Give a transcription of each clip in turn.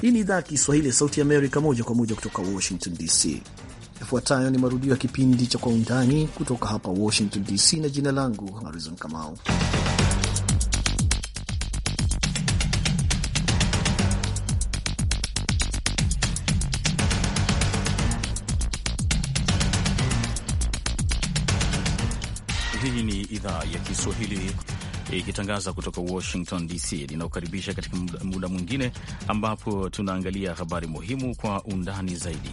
Hii ni idhaa ya Kiswahili ya Sauti Amerika, moja kwa moja kutoka Washington DC. Yafuatayo ni marudio ya kipindi cha Kwa Undani kutoka hapa Washington DC, na jina langu Harizon Kamau. Hii ni idhaa ya Kiswahili ikitangaza kutoka Washington DC, linaokaribisha katika muda mwingine ambapo tunaangalia habari muhimu kwa undani zaidi.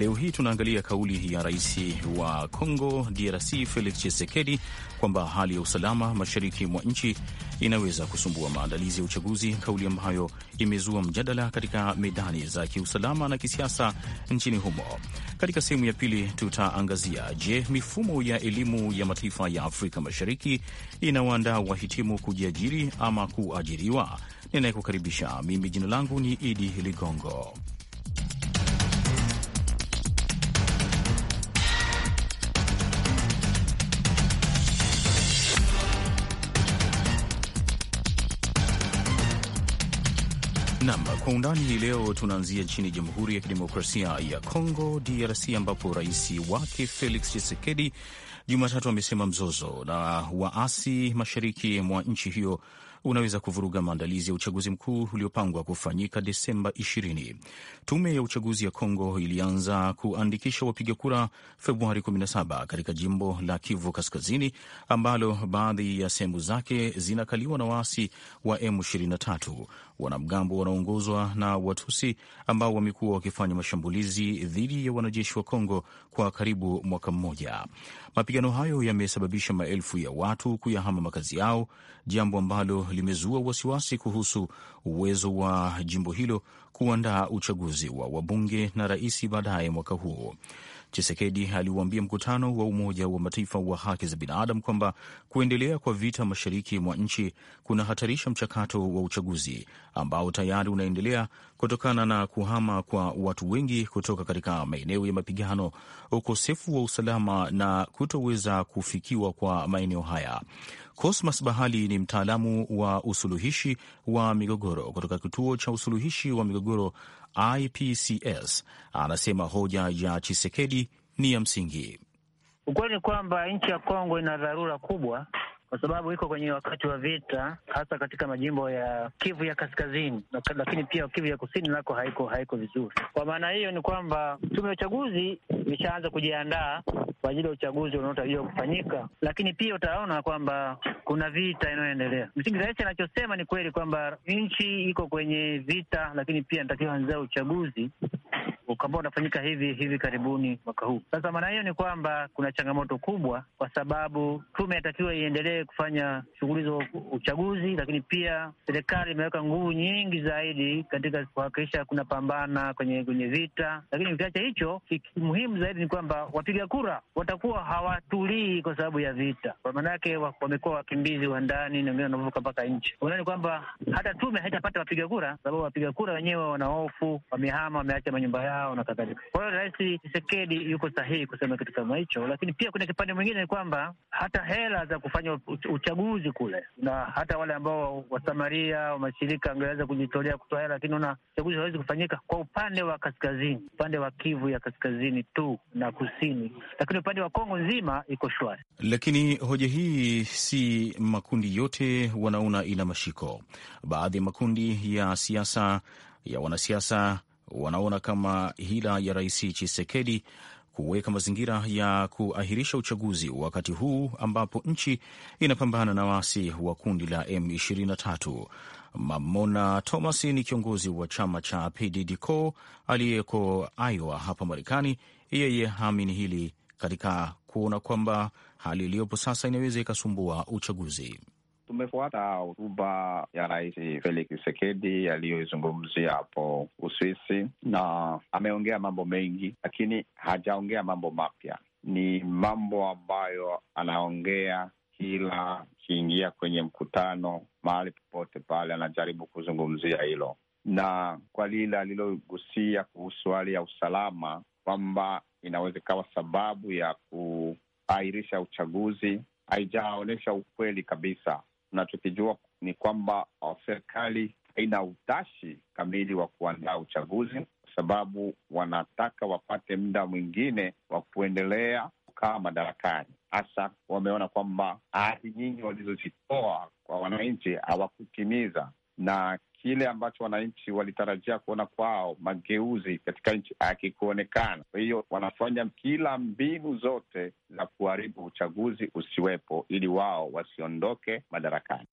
Leo hii tunaangalia kauli ya rais wa Congo DRC Felix Tshisekedi kwamba hali ya usalama mashariki mwa nchi inaweza kusumbua maandalizi ya uchaguzi, kauli ambayo imezua mjadala katika medani za kiusalama na kisiasa nchini humo. Katika sehemu ya pili tutaangazia, je, mifumo ya elimu ya mataifa ya Afrika Mashariki inawaandaa wahitimu kujiajiri ama kuajiriwa? Ninayekukaribisha mimi, jina langu ni Idi Ligongo. Nam kwa undani hii leo, tunaanzia nchini Jamhuri ya Kidemokrasia ya Kongo, DRC, ambapo rais wake Felix Tshisekedi Jumatatu amesema mzozo na waasi mashariki mwa nchi hiyo unaweza kuvuruga maandalizi ya uchaguzi mkuu uliopangwa kufanyika Desemba 20. Tume ya uchaguzi ya Kongo ilianza kuandikisha wapiga kura Februari 17 katika jimbo la Kivu Kaskazini ambalo baadhi ya sehemu zake zinakaliwa na waasi wa M23 wanamgambo wanaoongozwa na Watusi ambao wamekuwa wakifanya mashambulizi dhidi ya wanajeshi wa Kongo kwa karibu mwaka mmoja. Mapigano hayo yamesababisha maelfu ya watu kuyahama makazi yao, jambo ambalo limezua wasiwasi kuhusu uwezo wa jimbo hilo kuandaa uchaguzi wa wabunge na rais baadaye mwaka huu. Chisekedi aliuambia mkutano wa Umoja wa Mataifa wa haki za binadamu kwamba kuendelea kwa vita mashariki mwa nchi kunahatarisha mchakato wa uchaguzi ambao tayari unaendelea kutokana na kuhama kwa watu wengi kutoka katika maeneo ya mapigano, ukosefu wa usalama na kutoweza kufikiwa kwa maeneo haya. Cosmas Bahali ni mtaalamu wa usuluhishi wa migogoro kutoka kituo cha usuluhishi wa migogoro IPCS anasema hoja ya Chisekedi ni ya msingi. Ukweli ni kwamba nchi ya Kongo ina dharura kubwa kwa sababu iko kwenye wakati wa vita, hasa katika majimbo ya Kivu ya kaskazini, lakini pia Kivu ya kusini nako haiko haiko vizuri. Kwa maana hiyo ni kwamba tume ya uchaguzi imeshaanza kujiandaa kwa ajili ya uchaguzi unaotarajiwa kufanyika, lakini pia utaona kwamba kuna vita inayoendelea. Msingi rahisi anachosema ni kweli kwamba nchi iko kwenye vita, lakini pia natakiwa anzia uchaguzi ambao unafanyika hivi hivi karibuni mwaka huu. Sasa maana hiyo ni kwamba kuna changamoto kubwa, kwa sababu tume inatakiwa iendelee kufanya shughuli za uchaguzi, lakini pia serikali imeweka nguvu nyingi zaidi katika kuhakikisha kuna pambana kwenye kwenye vita, lakini ukiacha hicho, muhimu zaidi ni kwamba wapiga kura watakuwa hawatulii kwa sababu ya vita, kwa yake wamekuwa wakimbizi wa ndani na wengine wanavuka mpaka nje. Ni kwamba hata tume haitapata wapiga kura, sababu wapiga kura wenyewe wana hofu, wamehama, wameacha manyumba yao zao na kadhalika. Kwa hiyo Rais Chisekedi yuko sahihi kusema kitu kama hicho, lakini pia kuna kipande mwingine ni kwamba hata hela za kufanya uchaguzi kule na hata wale ambao wasamaria wamashirika angeweza kujitolea kutoa hela, lakini una uchaguzi hawezi kufanyika kwa upande wa kaskazini, upande wa Kivu ya kaskazini tu na kusini, lakini upande wa Kongo nzima iko shwari. Lakini hoja hii si makundi yote wanaona ina mashiko. Baadhi ya makundi ya siasa ya wanasiasa wanaona kama hila ya Rais Chisekedi kuweka mazingira ya kuahirisha uchaguzi wakati huu ambapo nchi inapambana na waasi wa kundi la M23. Mamona Thomas ni kiongozi wa chama cha PDDCO aliyeko Iowa hapa Marekani. Yeye haamini hili katika kuona kwamba hali iliyopo sasa inaweza ikasumbua uchaguzi tumefuata hotuba ya Rais Felix Chisekedi aliyoizungumzia hapo Uswisi, na ameongea mambo mengi, lakini hajaongea mambo mapya. Ni mambo ambayo anaongea kila kiingia kwenye mkutano, mahali popote pale anajaribu kuzungumzia hilo, na kwa lile alilogusia kuhusu hali ya usalama kwamba ikawa sababu ya kuahirisha uchaguzi haijaonyesha ukweli kabisa tunachokijua ni kwamba uh, serikali haina utashi kamili wa kuandaa uchaguzi, kwa sababu wanataka wapate muda mwingine wa kuendelea kukaa madarakani. Hasa wameona kwamba ahadi nyingi walizozitoa kwa wananchi hawakutimiza, na kile ambacho wananchi walitarajia kuona kwao, mageuzi katika nchi, akikuonekana Kwa hiyo wanafanya kila mbinu zote za kuharibu uchaguzi usiwepo, ili wao wasiondoke madarakani.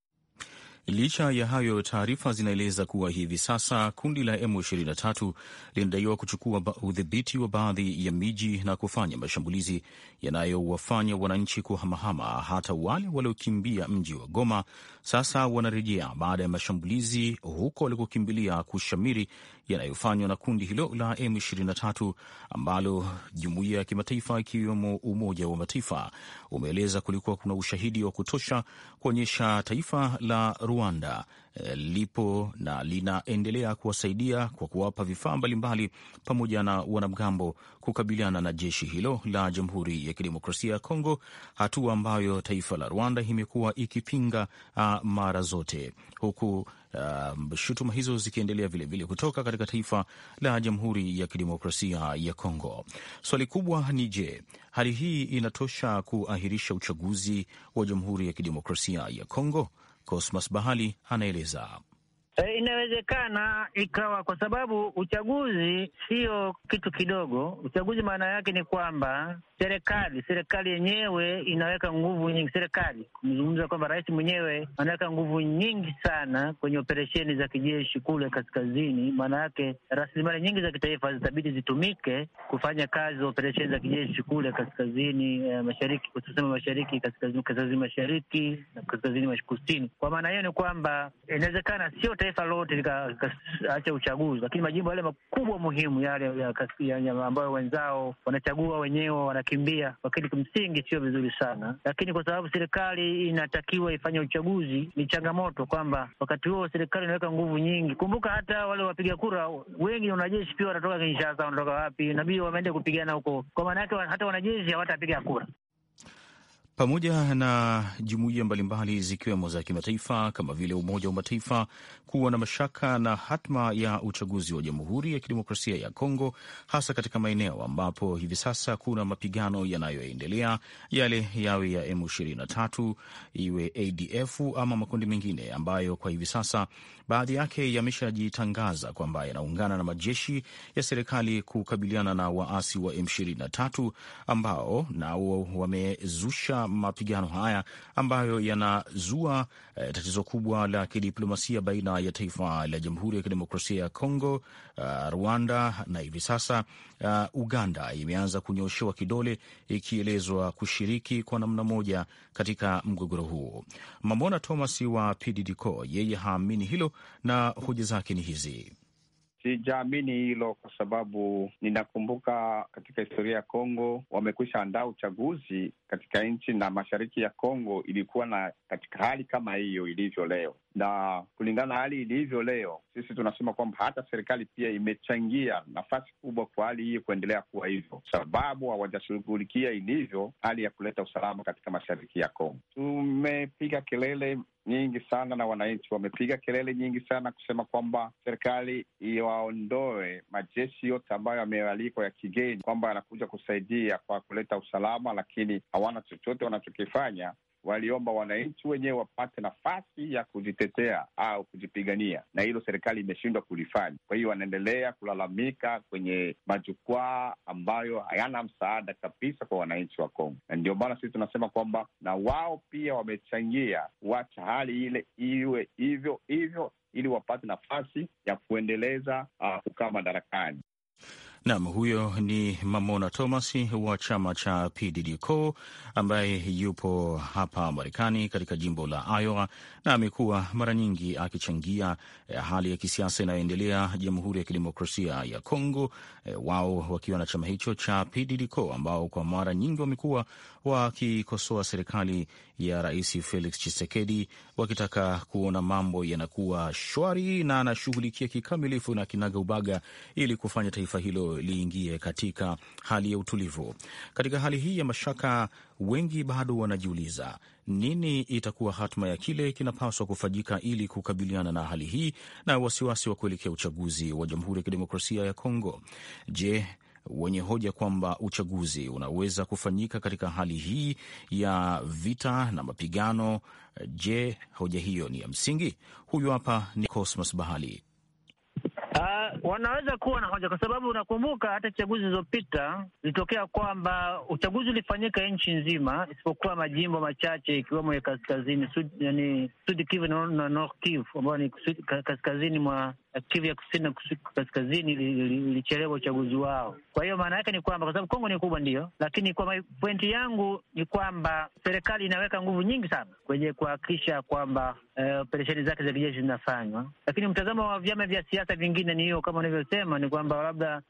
Licha ya hayo, taarifa zinaeleza kuwa hivi sasa kundi la M23 linadaiwa kuchukua udhibiti wa baadhi ya miji na kufanya mashambulizi yanayowafanya wananchi kuhamahama. Hata wale waliokimbia mji wa Goma sasa wanarejea baada ya mashambulizi huko walikokimbilia kushamiri yanayofanywa na kundi hilo la M23 ambalo jumuiya ya kimataifa ikiwemo Umoja wa Mataifa umeeleza kulikuwa kuna ushahidi wa kutosha kuonyesha taifa la Rwanda Eh, lipo na linaendelea kuwasaidia kwa kuwapa vifaa mbalimbali pamoja na wanamgambo kukabiliana na jeshi hilo la Jamhuri ya Kidemokrasia ya Kongo, hatua ambayo taifa la Rwanda imekuwa ikipinga ah, mara zote huku Uh, shutuma hizo zikiendelea vilevile kutoka katika taifa la Jamhuri ya Kidemokrasia ya Kongo. Swali kubwa ni je, hali hii inatosha kuahirisha uchaguzi wa Jamhuri ya Kidemokrasia ya Kongo? Cosmas Bahali anaeleza. E, inawezekana ikawa kwa sababu uchaguzi sio kitu kidogo. Uchaguzi maana yake ni kwamba serikali serikali yenyewe inaweka nguvu nyingi. Serikali kumezungumza kwamba rais mwenyewe anaweka nguvu nyingi sana kwenye operesheni za kijeshi kule kaskazini. Maana yake rasilimali nyingi za kitaifa zitabidi zitumike kufanya kazi za operesheni za kijeshi kule kaskazini eh, mashariki, hususema mashariki, kaskazini, kaskazini mashariki na kaskazini kusini. Kwa maana hiyo ni kwamba inawezekana sio taifa lote likaacha uchaguzi, lakini majimbo yale makubwa muhimu yale ya, ya, ya, ambayo wenzao wanachagua wenyewe wana wanakimbia, lakini kimsingi sio vizuri sana. Lakini kwa sababu serikali inatakiwa ifanye uchaguzi, ni changamoto kwamba wakati huo serikali inaweka nguvu nyingi. Kumbuka hata wale wapiga kura wengi wanajeshi pia wanatoka Kinshasa, wanatoka wapi, nabii wameenda kupigana huko. Kwa maana yake hata wanajeshi hawatapiga kura pamoja na jumuiya mbalimbali zikiwemo za kimataifa kama vile Umoja wa Mataifa kuwa na mashaka na hatma ya uchaguzi wa Jamhuri ya Kidemokrasia ya Kongo, hasa katika maeneo ambapo hivi sasa kuna mapigano yanayoendelea, yale yawe ya M23, iwe ADF ama makundi mengine ambayo kwa hivi sasa baadhi yake yameshajitangaza kwamba yanaungana na majeshi ya serikali kukabiliana na waasi wa M23 ambao nao wamezusha mapigano haya ambayo yanazua eh, tatizo kubwa la kidiplomasia baina ya taifa la Jamhuri ya Kidemokrasia ya Kongo, uh, Rwanda na hivi sasa uh, Uganda imeanza kunyoshewa kidole ikielezwa kushiriki kwa namna moja katika mgogoro huo. Mambona Thomas wa PDDCO yeye haamini hilo na hoja zake ni hizi sijaamini hilo kwa sababu ninakumbuka katika historia ya Kongo wamekwisha andaa uchaguzi katika nchi na mashariki ya Kongo ilikuwa na katika hali kama hiyo ilivyo leo, na kulingana na hali ilivyo leo, sisi tunasema kwamba hata serikali pia imechangia nafasi kubwa kwa hali hiyo kuendelea kuwa hivyo, sababu hawajashughulikia ilivyo hali ya kuleta usalama katika mashariki ya Kongo. Tumepiga kelele nyingi sana na wananchi wamepiga kelele nyingi sana kusema kwamba serikali iwaondoe majeshi yote ambayo yamealikwa ya kigeni, kwamba yanakuja kusaidia kwa kuleta usalama, lakini hawana chochote wanachokifanya waliomba wananchi wenyewe wapate nafasi ya kujitetea au kujipigania, na hilo serikali imeshindwa kulifanya. Kwa hiyo wanaendelea kulalamika kwenye majukwaa ambayo hayana msaada kabisa kwa wananchi wa Kongo, na ndio maana sisi tunasema kwamba na wao pia wamechangia kuacha hali ile iwe hivyo hivyo, ili wapate nafasi ya kuendeleza uh, kukaa madarakani. Nam, huyo ni Mamona Thomas wa chama cha PDD Co ambaye yupo hapa Marekani katika jimbo la Iowa na amekuwa mara nyingi akichangia eh, hali ya kisiasa inayoendelea Jamhuri ya Kidemokrasia ya Kongo, eh, wao wakiwa na chama hicho cha PDD Co ambao kwa mara nyingi wamekuwa wakikosoa serikali ya Rais Felix chisekedi wakitaka kuona mambo yanakuwa shwari na anashughulikia kikamilifu na kinaga ubaga ili kufanya taifa hilo liingie katika hali ya utulivu. Katika hali hii ya mashaka, wengi bado wanajiuliza nini itakuwa hatma ya kile kinapaswa kufanyika ili kukabiliana na hali hii na wasiwasi wa kuelekea uchaguzi wa Jamhuri ya Kidemokrasia ya Kongo. Je, wenye hoja kwamba uchaguzi unaweza kufanyika katika hali hii ya vita na mapigano. Je, hoja hiyo ni ya msingi? Huyu hapa ni Cosmas Bahali. Ah, wanaweza kuwa na hoja, kwa sababu unakumbuka hata chaguzi zilizopita zilitokea kwamba uchaguzi ulifanyika nchi nzima isipokuwa majimbo machache ikiwemo ya kaskazini Sud, yani Sud na North Kivu ambayo ni kaskazini mwa Kivu ya kusini na kaskazini ilichelewa uchaguzi wao. Kwa hiyo maana yake ni kwamba kwa sababu Kongo ni kubwa ndiyo, lakini kwa pointi yangu ni kwamba serikali inaweka nguvu nyingi sana kwenye kuhakikisha kwamba eh, operesheni zake za kijeshi zinafanywa, lakini mtazamo wa vyama vya siasa vingine ni hiyo kama unavyosema ni kwamba labda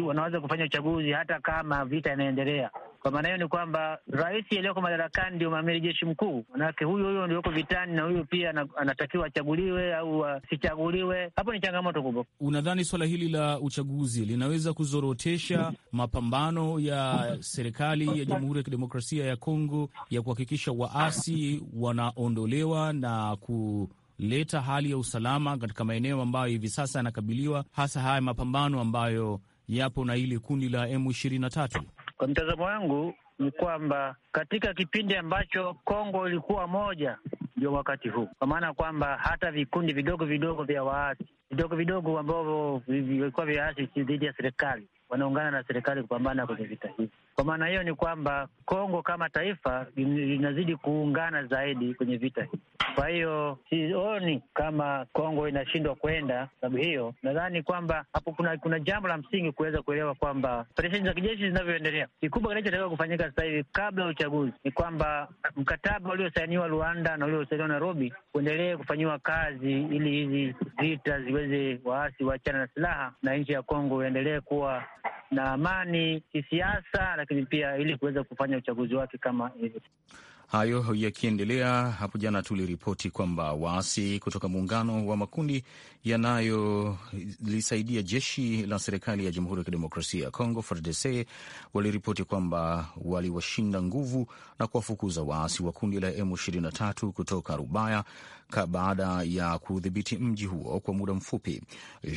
uh, wanaweza kufanya uchaguzi hata kama vita inaendelea. Kwa maana hiyo ni kwamba rais aliyoko madarakani ndio amiri jeshi mkuu, manake huyu huyu ndioko vitani na huyu pia anatakiwa achaguliwe au asichaguliwe. Uh, hapo ni changamoto kubwa. Unadhani swala hili la uchaguzi linaweza kuzorotesha mapambano ya serikali ya Jamhuri ya Kidemokrasia ya Kongo ya kuhakikisha waasi wanaondolewa na ku leta hali ya usalama katika maeneo ambayo hivi sasa yanakabiliwa, hasa haya mapambano ambayo yapo na hili kundi la M23? Kwa mtazamo wangu ni kwamba katika kipindi ambacho Kongo ilikuwa moja ndio wakati huu, kwa maana kwamba hata vikundi vidogo vidogo vya waasi vidogo vidogo ambavyo vilikuwa vya waasi dhidi ya serikali wanaungana na serikali kupambana kwenye vita hivi. Kwa maana hiyo ni kwamba Kongo kama taifa linazidi kuungana zaidi kwenye vita hii. Kwa hiyo sioni kama Kongo inashindwa kwenda sababu hiyo. Nadhani kwamba hapo kuna kuna jambo la msingi kuweza kuelewa kwamba operesheni za kijeshi zinavyoendelea, kikubwa kinachotakiwa kufanyika sasa hivi kabla ya uchaguzi ni kwamba mkataba uliosainiwa Rwanda na uliosainiwa Nairobi uendelee kufanyiwa kazi, ili hizi vita ziweze, waasi waachana na silaha na nchi ya Kongo iendelee kuwa na amani kisiasa lakini pia ili kuweza kufanya uchaguzi wake kama hivyo. Hayo yakiendelea, hapo jana tuliripoti kwamba waasi kutoka muungano wa makundi yanayolisaidia jeshi la serikali ya Jamhuri ya Kidemokrasia ya Kongo FARDC waliripoti kwamba waliwashinda nguvu na kuwafukuza waasi wa kundi la M23 kutoka Rubaya baada ya kudhibiti mji huo kwa muda mfupi.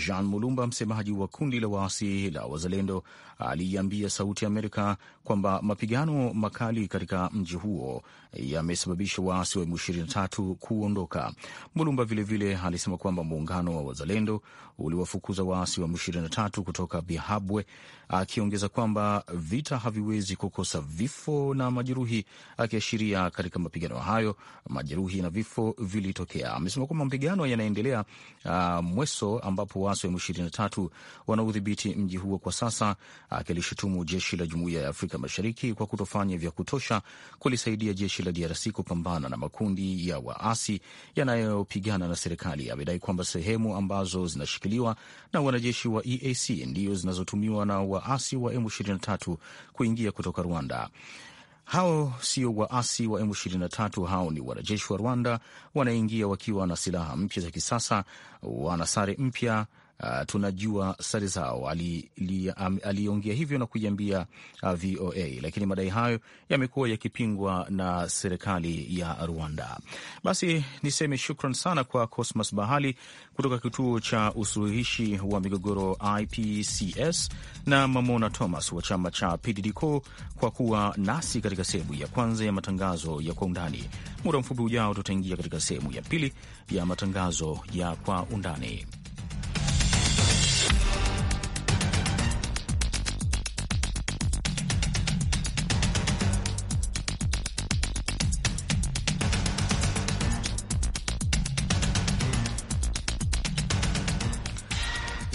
Jean Mulumba, msemaji wa kundi la waasi la Wazalendo, aliiambia Sauti ya Amerika kwamba mapigano makali katika mji huo yamesababisha waasi wa M23 kuondoka. Mulumba vilevile alisema kwamba muungano wa wazalendo uliwafukuza waasi wa M23 kutoka Bihabwe, akiongeza kwamba vita haviwezi kukosa vifo na majeruhi, akiashiria katika mapigano hayo majeruhi na vifo vilitokea. Amesema kwamba mapigano yanaendelea uh, Mweso ambapo waasi wa M23 wanaudhibiti mji huo kwa sasa, akilishutumu jeshi la Jumuiya ya Afrika Mashariki kwa kutofanya vya kutosha kulisaidia jeshi la DRC kupambana na makundi ya waasi yanayopigana na serikali amedai kwamba sehemu ambazo zinashikiliwa na wanajeshi wa EAC ndiyo zinazotumiwa na waasi wa M23 kuingia kutoka Rwanda. Hao sio waasi wa M23, hao ni wanajeshi wa Rwanda, wanaingia wakiwa na silaha mpya za kisasa, wana sare mpya uh, tunajua sare zao. Aliongea um, hivyo na kuiambia uh, ah, VOA, lakini madai hayo yamekuwa yakipingwa na serikali ya Rwanda. Basi niseme shukran sana kwa Cosmas Bahali kutoka kituo cha usuluhishi wa migogoro IPCS na Mamona Thomas wa chama cha PDDCO kwa kuwa nasi katika sehemu ya kwanza ya matangazo ya kwa undani. Muda mfupi ujao tutaingia katika sehemu ya pili ya matangazo ya kwa undani.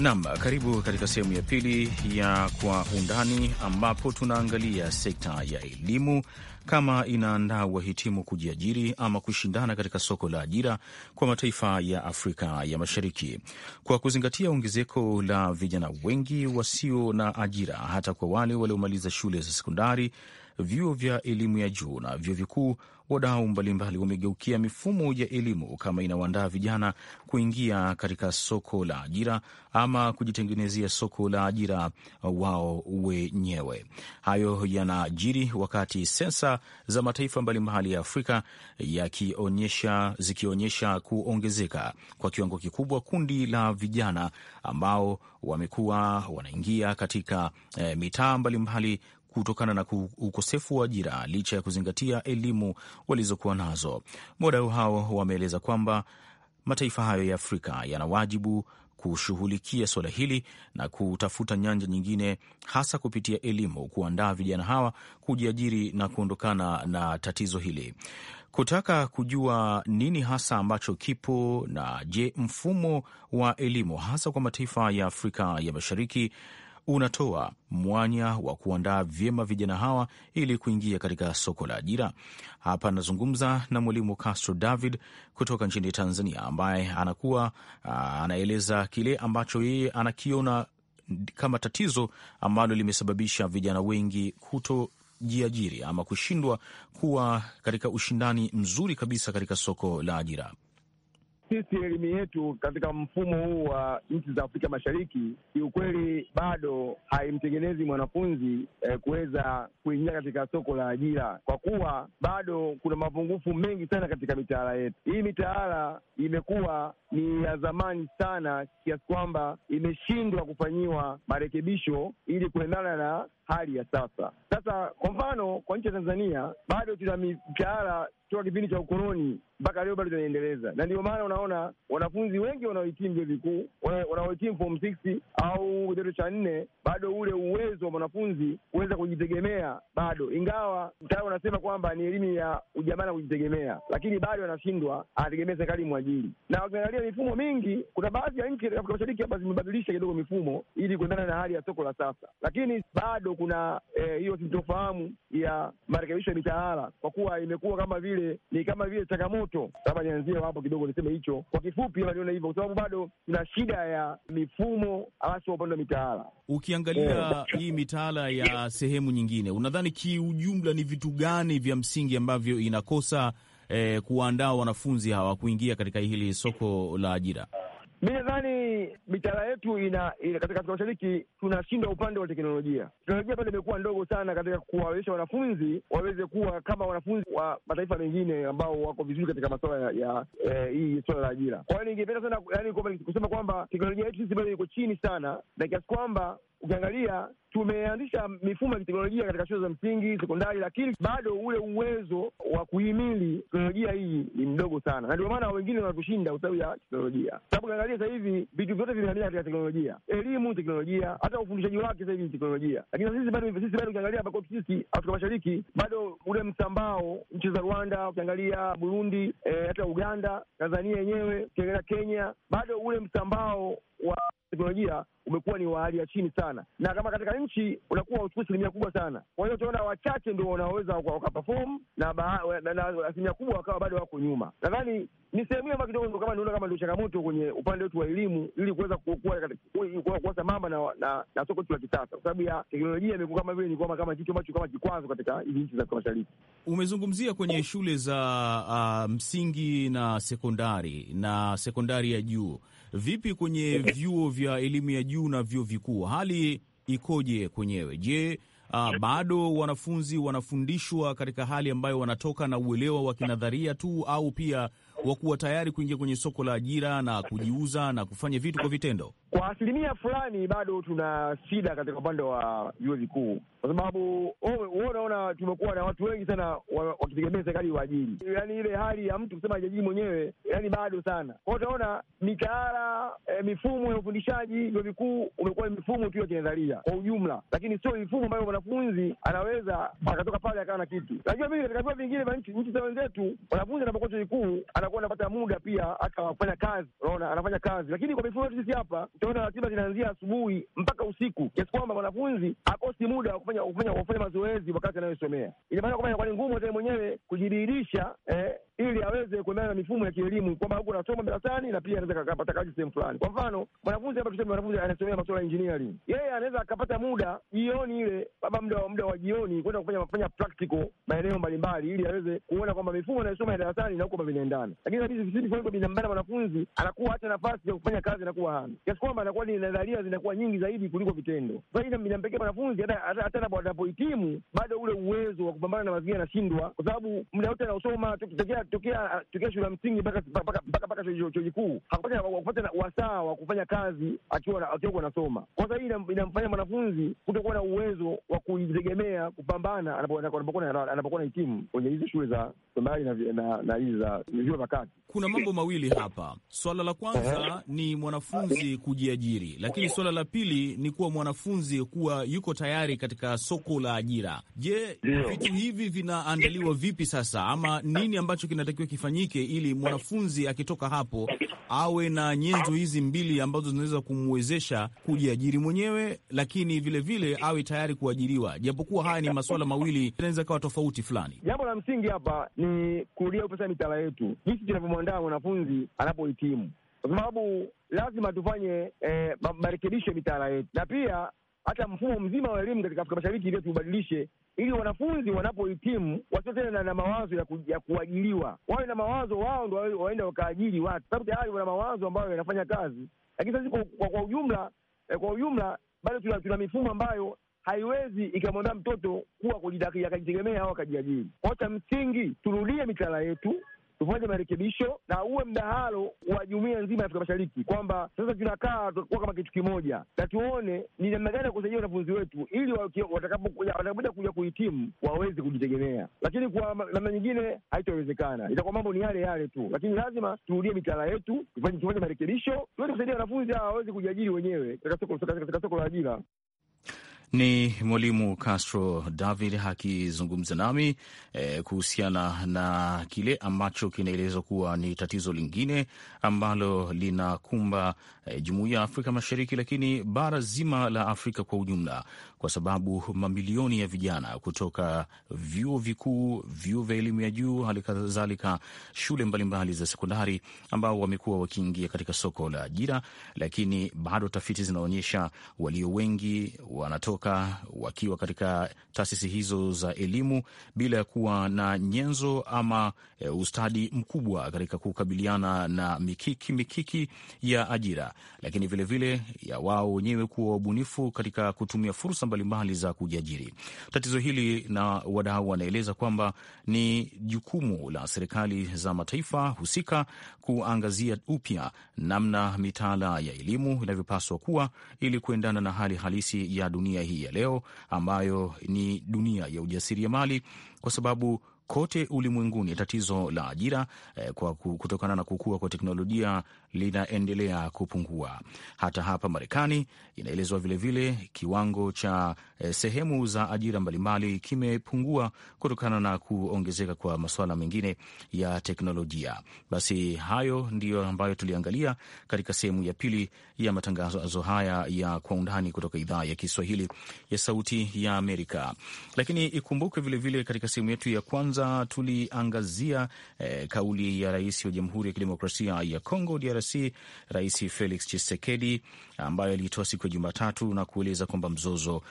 Nam, karibu katika sehemu ya pili ya Kwa Undani, ambapo tunaangalia sekta ya elimu kama inaandaa wahitimu kujiajiri ama kushindana katika soko la ajira kwa mataifa ya Afrika ya Mashariki, kwa kuzingatia ongezeko la vijana wengi wasio na ajira, hata kwa wale waliomaliza shule za sekondari vyuo vya elimu ya juu na vyuo vikuu, wadau mbalimbali wamegeukia mifumo ya elimu kama inawaandaa vijana kuingia katika soko la ajira ama kujitengenezea soko la ajira wao wenyewe. Hayo yanajiri wakati sensa za mataifa mbalimbali ya Afrika yakionyesha zikionyesha kuongezeka kwa kiwango kikubwa kundi la vijana ambao wamekuwa wanaingia katika e, mitaa mbalimbali kutokana na ukosefu wa ajira licha ya kuzingatia elimu walizokuwa nazo. Wadau hao wameeleza kwamba mataifa hayo ya Afrika yana wajibu kushughulikia suala hili na kutafuta nyanja nyingine hasa kupitia elimu kuandaa vijana hawa kujiajiri na kuondokana na tatizo hili. Kutaka kujua nini hasa ambacho kipo na je, mfumo wa elimu hasa kwa mataifa ya Afrika ya Mashariki unatoa mwanya wa kuandaa vyema vijana hawa ili kuingia katika soko la ajira. Hapa anazungumza na mwalimu Castro David kutoka nchini Tanzania, ambaye anakuwa anaeleza kile ambacho yeye anakiona kama tatizo ambalo limesababisha vijana wengi kutojiajiri ama kushindwa kuwa katika ushindani mzuri kabisa katika soko la ajira sisi elimu yetu katika mfumo huu wa nchi za Afrika Mashariki kiukweli bado haimtengenezi mwanafunzi eh, kuweza kuingia katika soko la ajira, kwa kuwa bado kuna mapungufu mengi sana katika mitaala yetu. Hii mitaala imekuwa ni ya zamani sana kiasi kwamba imeshindwa kufanyiwa marekebisho ili kuendana na hali ya sasa. Sasa kwa mfano, kwa nchi ya Tanzania bado tuna mishahara toka kipindi cha ukoloni mpaka leo bado tunaendeleza, na ndio maana unaona wanafunzi wengi wanaohitimu vyuo vikuu, wanaohitimu form six au kidato cha nne, bado ule uwezo wa mwanafunzi kuweza kujitegemea bado, ingawa tayari wanasema kwamba ni elimu ya ujamaa na kujitegemea, lakini bado anashindwa, anategemea serikali mwajiri. Na wakiangalia mifumo mingi, kuna baadhi ya nchi Afrika Mashariki hapa zimebadilisha kidogo mifumo ili kuendana na hali ya soko la sasa, lakini bado kuna eh, hiyo e, sintofahamu ya marekebisho ya mitaala, kwa kuwa imekuwa kama vile ni kama vile changamoto. Labda nianzie hapo kidogo, niseme hicho kwa kifupi, niona hivyo, kwa sababu bado tuna shida ya mifumo, hasa upande wa mitaala. Ukiangalia yeah, hii mitaala ya sehemu nyingine, unadhani kiujumla ni vitu gani vya msingi ambavyo inakosa eh, kuwaandaa wanafunzi hawa kuingia katika hili soko la ajira? Mi nadhani lakini mitaala yetu ina, ina katika Afrika Mashariki tunashindwa upande wa teknolojia. Teknolojia bado imekuwa ndogo sana katika kuwawezesha wanafunzi waweze kuwa kama wanafunzi wa mataifa mengine ambao wako vizuri katika masuala ya eh, hii suala la ajira. Kwa hiyo ningependa sana yani kusema kwamba teknolojia yetu sisi bado iko chini sana, na kiasi kwamba ukiangalia tumeanzisha mifumo ya kiteknolojia katika shule za msingi, sekondari, lakini bado ule uwezo wa kuhimili teknolojia hii ni mdogo sana, na ndio maana wengine wanatushinda kwa sababu ya teknolojia. Sababu ukiangalia sasa hivi vitu vyote vimehamia katika teknolojia, elimu teknolojia, hata ufundishaji wake sasa hivi ni teknolojia. Lakini sisi bado sisi bado, ukiangalia hapa kwetu sisi Afrika Mashariki, bado ule msambao nchi za Rwanda, ukiangalia Burundi, eh, hata Uganda, Tanzania yenyewe, ukiangalia Kenya, bado ule msambao wa teknolojia umekuwa ni wa hali ya chini sana, na kama katika nchi unakuwa uchukui asilimia kubwa sana. Kwa hiyo utaona wachache ndio wanaoweza wakaperform na asilimia kubwa wakawa bado wako nyuma. Nadhani ni sehemu hiyo kidogo kama niona kama ndio changamoto kwenye upande wetu wa elimu, ili kuweza kuwa sambamba na, na, na soko letu la kisasa, kwa sababu ya teknolojia imekuwa kama vile ni kama kitu ambacho kama kikwazo katika hizi nchi za Afrika Mashariki. Umezungumzia kwenye shule za uh, msingi na sekondari na sekondari ya juu Vipi kwenye vyuo vya elimu ya juu na vyuo vikuu, hali ikoje kwenyewe? Je, uh, bado wanafunzi wanafundishwa katika hali ambayo wanatoka na uelewa wa kinadharia tu au pia wakuwa tayari kuingia kwenye soko la ajira na kujiuza na kufanya vitu kwa vitendo? Kwa asilimia fulani bado tuna shida katika upande wa vyuo vikuu, kwa sababu oh, unaona tumekuwa na watu wengi sana wakitegemea serikali waajiri, yaani ile hali ya mtu kusema ajiajiri mwenyewe, yaani bado sana kwao. Utaona mitaala e, mifumo ya ufundishaji vyuo vikuu umekuwa ni mifumo tu ya kinadharia kwa ujumla, lakini sio mifumo ambayo mwanafunzi anaweza akatoka pale akawa na kitu. Najua mimi katika vyuo vingine vya nchi nchi za wenzetu, mwanafunzi anapokuwa chuo kikuu anakuwa anapata muda pia hata kufanya kazi, unaona anafanya kazi, lakini kwa mifumo yetu sisi hapa utaona ratiba zinaanzia asubuhi mpaka usiku, kiasi kwamba mwanafunzi akosi muda wa kufanya kufanya mazoezi wakati anayosomea. Ina maana kwamba inakuwa ni ngumu hata mwenyewe kujidihirisha eh, ili aweze kuendana na mifumo ya kielimu kwamba huku anasoma darasani na pia anaweza akapata kazi sehemu fulani. Kwa mfano mwanafunzi hapa tuseme mwanafunzi anasomea masuala ya engineering, yeye anaweza akapata muda jioni ile baba muda muda wa jioni kwenda kufanya kufanya practical maeneo mbalimbali, ili aweze kuona kwamba mifumo anayosoma ya darasani na huko vinaendana. Lakini hizi visidi kwa binadamu, mwanafunzi anakuwa hata nafasi ya kufanya kazi anakuwa hana, kiasi kwamba anakuwa ni nadharia zinakuwa nyingi zaidi kuliko vitendo. Sasa hii inampekea mwanafunzi hata anapohitimu bado ule uwezo wa kupambana na mazingira anashindwa, kwa sababu muda wote anaosoma tukitokea tokea tokea shule ya msingi mpaka chuo kikuu hakupata wasaa wa kufanya kazi akiwa akiwa anasoma. Kwanza hii inamfanya mwanafunzi kutokuwa na uwezo wa kujitegemea kupambana anapokuwa na hitimu kwenye hizi shule za sekondari na hizi za vyuo vya kati kuna mambo mawili hapa. Swala la kwanza ni mwanafunzi kujiajiri, lakini swala la pili ni kuwa mwanafunzi kuwa yuko tayari katika soko la ajira. Je, vitu hivi vinaandaliwa vipi sasa, ama nini ambacho kinatakiwa kifanyike ili mwanafunzi akitoka hapo awe na nyenzo hizi mbili ambazo zinaweza kumwezesha kujiajiri mwenyewe, lakini vilevile vile awe tayari kuajiriwa, japokuwa haya ni maswala mawili yanaweza kawa tofauti fulani. Jambo la msingi hapa ni kulia upesa mitaala yetu jinsi tunavyo kumwandaa mwanafunzi anapohitimu, kwa sababu lazima tufanye eh, marekebisho ya mitaala yetu, na pia hata mfumo mzima wa elimu katika Afrika Mashariki pia tuubadilishe, ili wanafunzi wanapohitimu wasio tena na, na mawazo ya, ku, ya kuajiliwa, wawe na mawazo wao ndo waende wakaajiri watu, sababu tayari wana mawazo ambayo yanafanya kazi. Lakini sasa kwa, kwa ujumla eh, kwa ujumla bado tuna, tuna mifumo ambayo haiwezi ikamwandaa mtoto kuwa akajitegemea au akajiajiri. Kwa cha msingi turudie mitaala yetu tufanye marekebisho na uwe mdahalo wa jumuiya nzima ya Afrika Mashariki, kwamba sasa tunakaa tutakuwa kama kitu kimoja, na tuone ni namna gani ya kusaidia wanafunzi wetu ili watakapokuja kuja kuhitimu waweze kujitegemea. Lakini kwa namna nyingine haitawezekana, itakuwa mambo ni yale yale tu, lakini lazima turudie mitaala yetu, tufanye marekebisho tuweze kusaidia wanafunzi hawa waweze kujiajiri wenyewe katika soko la ajira. Ni Mwalimu Castro David akizungumza nami e, kuhusiana na kile ambacho kinaelezwa kuwa ni tatizo lingine ambalo linakumba e, jumuiya ya Afrika Mashariki, lakini bara zima la Afrika kwa ujumla, kwa sababu mamilioni ya vijana kutoka vyuo vikuu, vyuo vya elimu ya juu, hali kadhalika shule mbalimbali mbali za sekondari, ambao wamekuwa wakiingia katika soko la ajira, lakini bado tafiti zinaonyesha walio wengi wanatoka kutoka wakiwa katika taasisi hizo za elimu bila ya kuwa na nyenzo ama e, ustadi mkubwa katika kukabiliana na mikiki mikiki ya ajira, lakini vilevile vile ya wao wenyewe kuwa wabunifu katika kutumia fursa mbalimbali za kujiajiri. Tatizo hili na wadau wanaeleza kwamba ni jukumu la serikali za mataifa husika kuangazia upya namna mitaala ya elimu inavyopaswa kuwa ili kuendana na hali halisi ya dunia hii ya leo ambayo ni dunia ya ujasiriamali, kwa sababu kote ulimwenguni tatizo la ajira eh, kwa kutokana na kukua kwa teknolojia linaendelea kupungua. Hata hapa Marekani inaelezwa vilevile kiwango cha eh, sehemu za ajira mbalimbali kimepungua kutokana na kuongezeka kwa masuala mengine ya teknolojia. Basi hayo ndiyo ambayo tuliangalia katika sehemu ya pili ya matangazo haya ya Kwa Undani kutoka idhaa ya Kiswahili ya Sauti ya Amerika. Lakini ikumbuke vilevile katika sehemu yetu ya kwanza tuliangazia eh, kauli ya rais wa Jamhuri ya Kidemokrasia ya Kongo DR DRC Rais Felix Tshisekedi, ambayo aliitoa siku ya Jumatatu na kueleza kwamba mzozo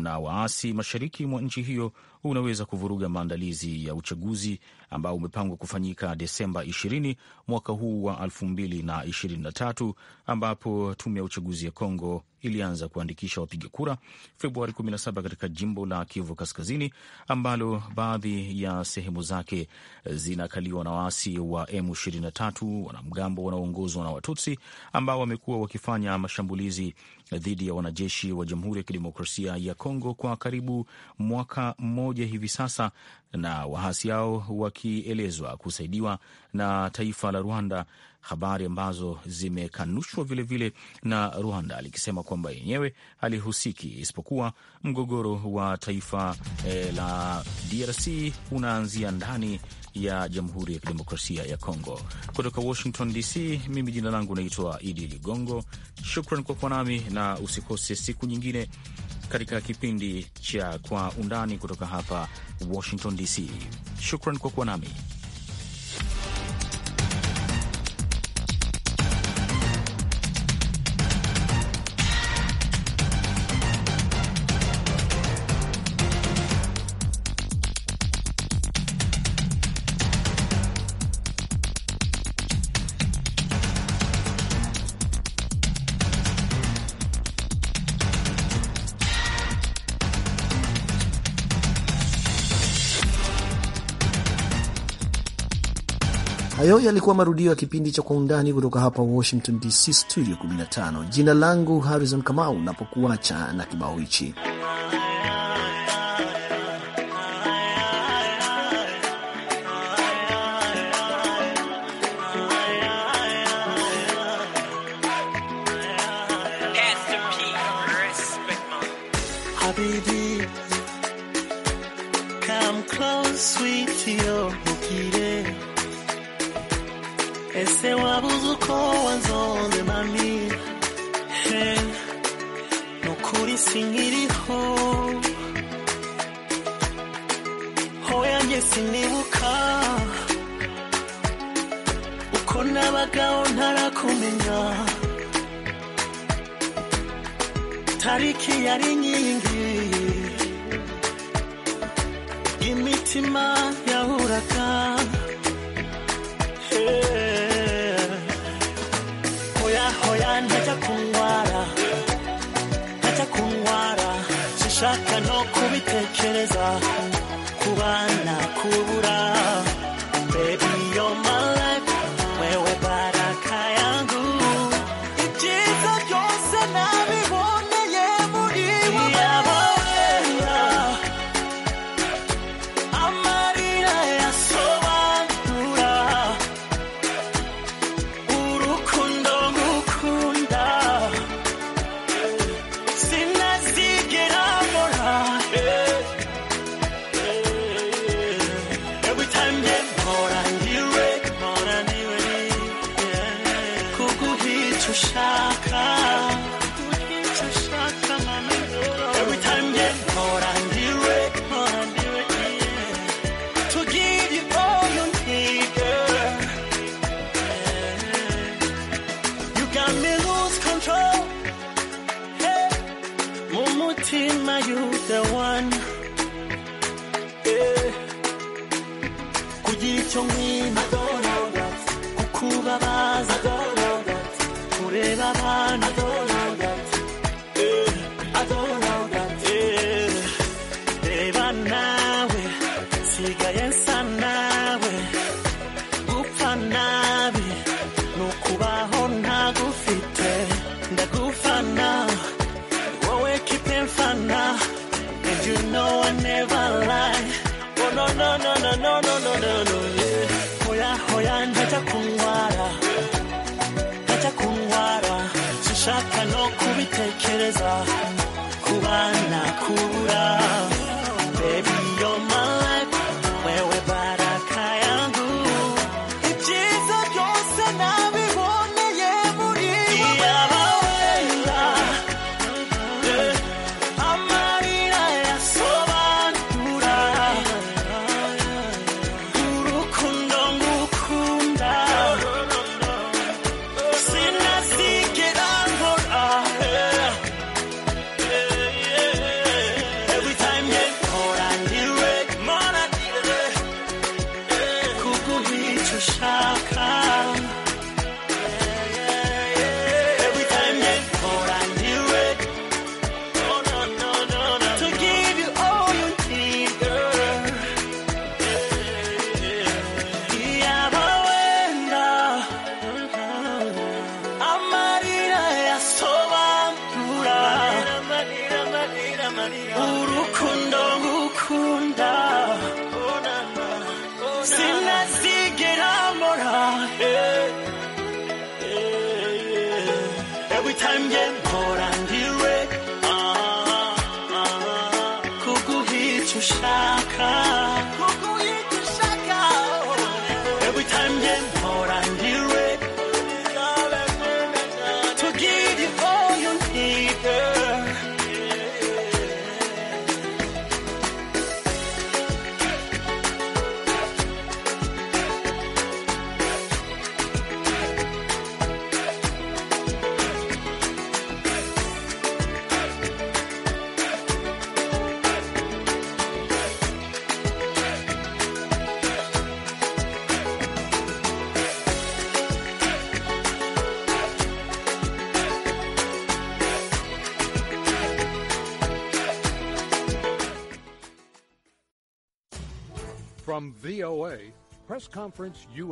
na waasi mashariki mwa nchi hiyo unaweza kuvuruga maandalizi ya uchaguzi ambao umepangwa kufanyika Desemba 20 mwaka huu wa 2023 ambapo tume ya uchaguzi ya Kongo ilianza kuandikisha wapiga kura Februari 17 katika jimbo la Kivu Kaskazini ambalo baadhi ya sehemu zake zinakaliwa na waasi wa M23, wanamgambo wanaoongozwa na Watutsi ambao wamekuwa wakifanya mashambulizi dhidi ya wanajeshi wa Jamhuri ya Kidemokrasia ya Kongo kwa karibu mwaka mmoja hivi sasa, na waasi hao wakielezwa kusaidiwa na taifa la Rwanda, habari ambazo zimekanushwa vilevile na Rwanda likisema kwamba yenyewe halihusiki, isipokuwa mgogoro wa taifa eh, la DRC unaanzia ndani ya Jamhuri ya Kidemokrasia ya Kongo. Kutoka Washington DC, mimi jina langu naitwa Idi Ligongo. Shukran kwa kuwa nami na usikose siku nyingine katika kipindi cha Kwa Undani kutoka hapa Washington DC. Shukran kwa kuwa nami. Hayo yalikuwa marudio ya kipindi cha Kwa Undani kutoka hapa Washington DC, studio 15. Jina langu Harrison Kamau, napokuacha na kibao hichi. sweet, to your ese wabuzuko wanzonze mami he nukuri sinkiriho hoya njye sinibuka uko nabagaho ntarakumenya tariki yari nyingi imitima yahuraga hey. kungwara kajya kungwara sishaka no kubitekereza ku kubana kubura 穷逼。 삶의 보란 Press Conference U.